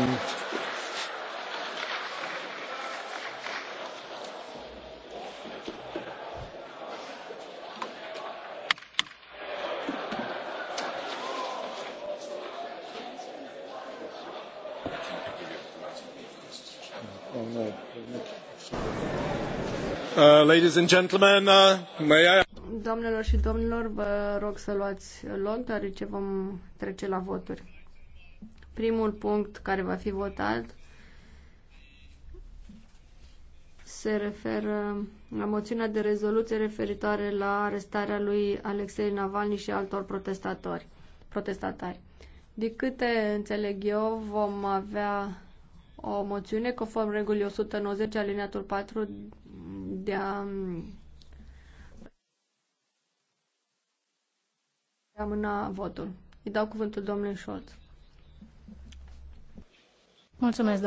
Uh, domnilor uh, Doamnelor și domnilor, vă rog să luați loc, deoarece vom trece la voturi. Primul punct care va fi votat se referă la moțiunea de rezoluție referitoare la arestarea lui Alexei Navalny și altor protestatori, protestatari. De câte înțeleg eu, vom avea o moțiune conform regulii 190 alineatul 4 de a amâna votul. Îi dau cuvântul domnului Scholz. Mulțumesc,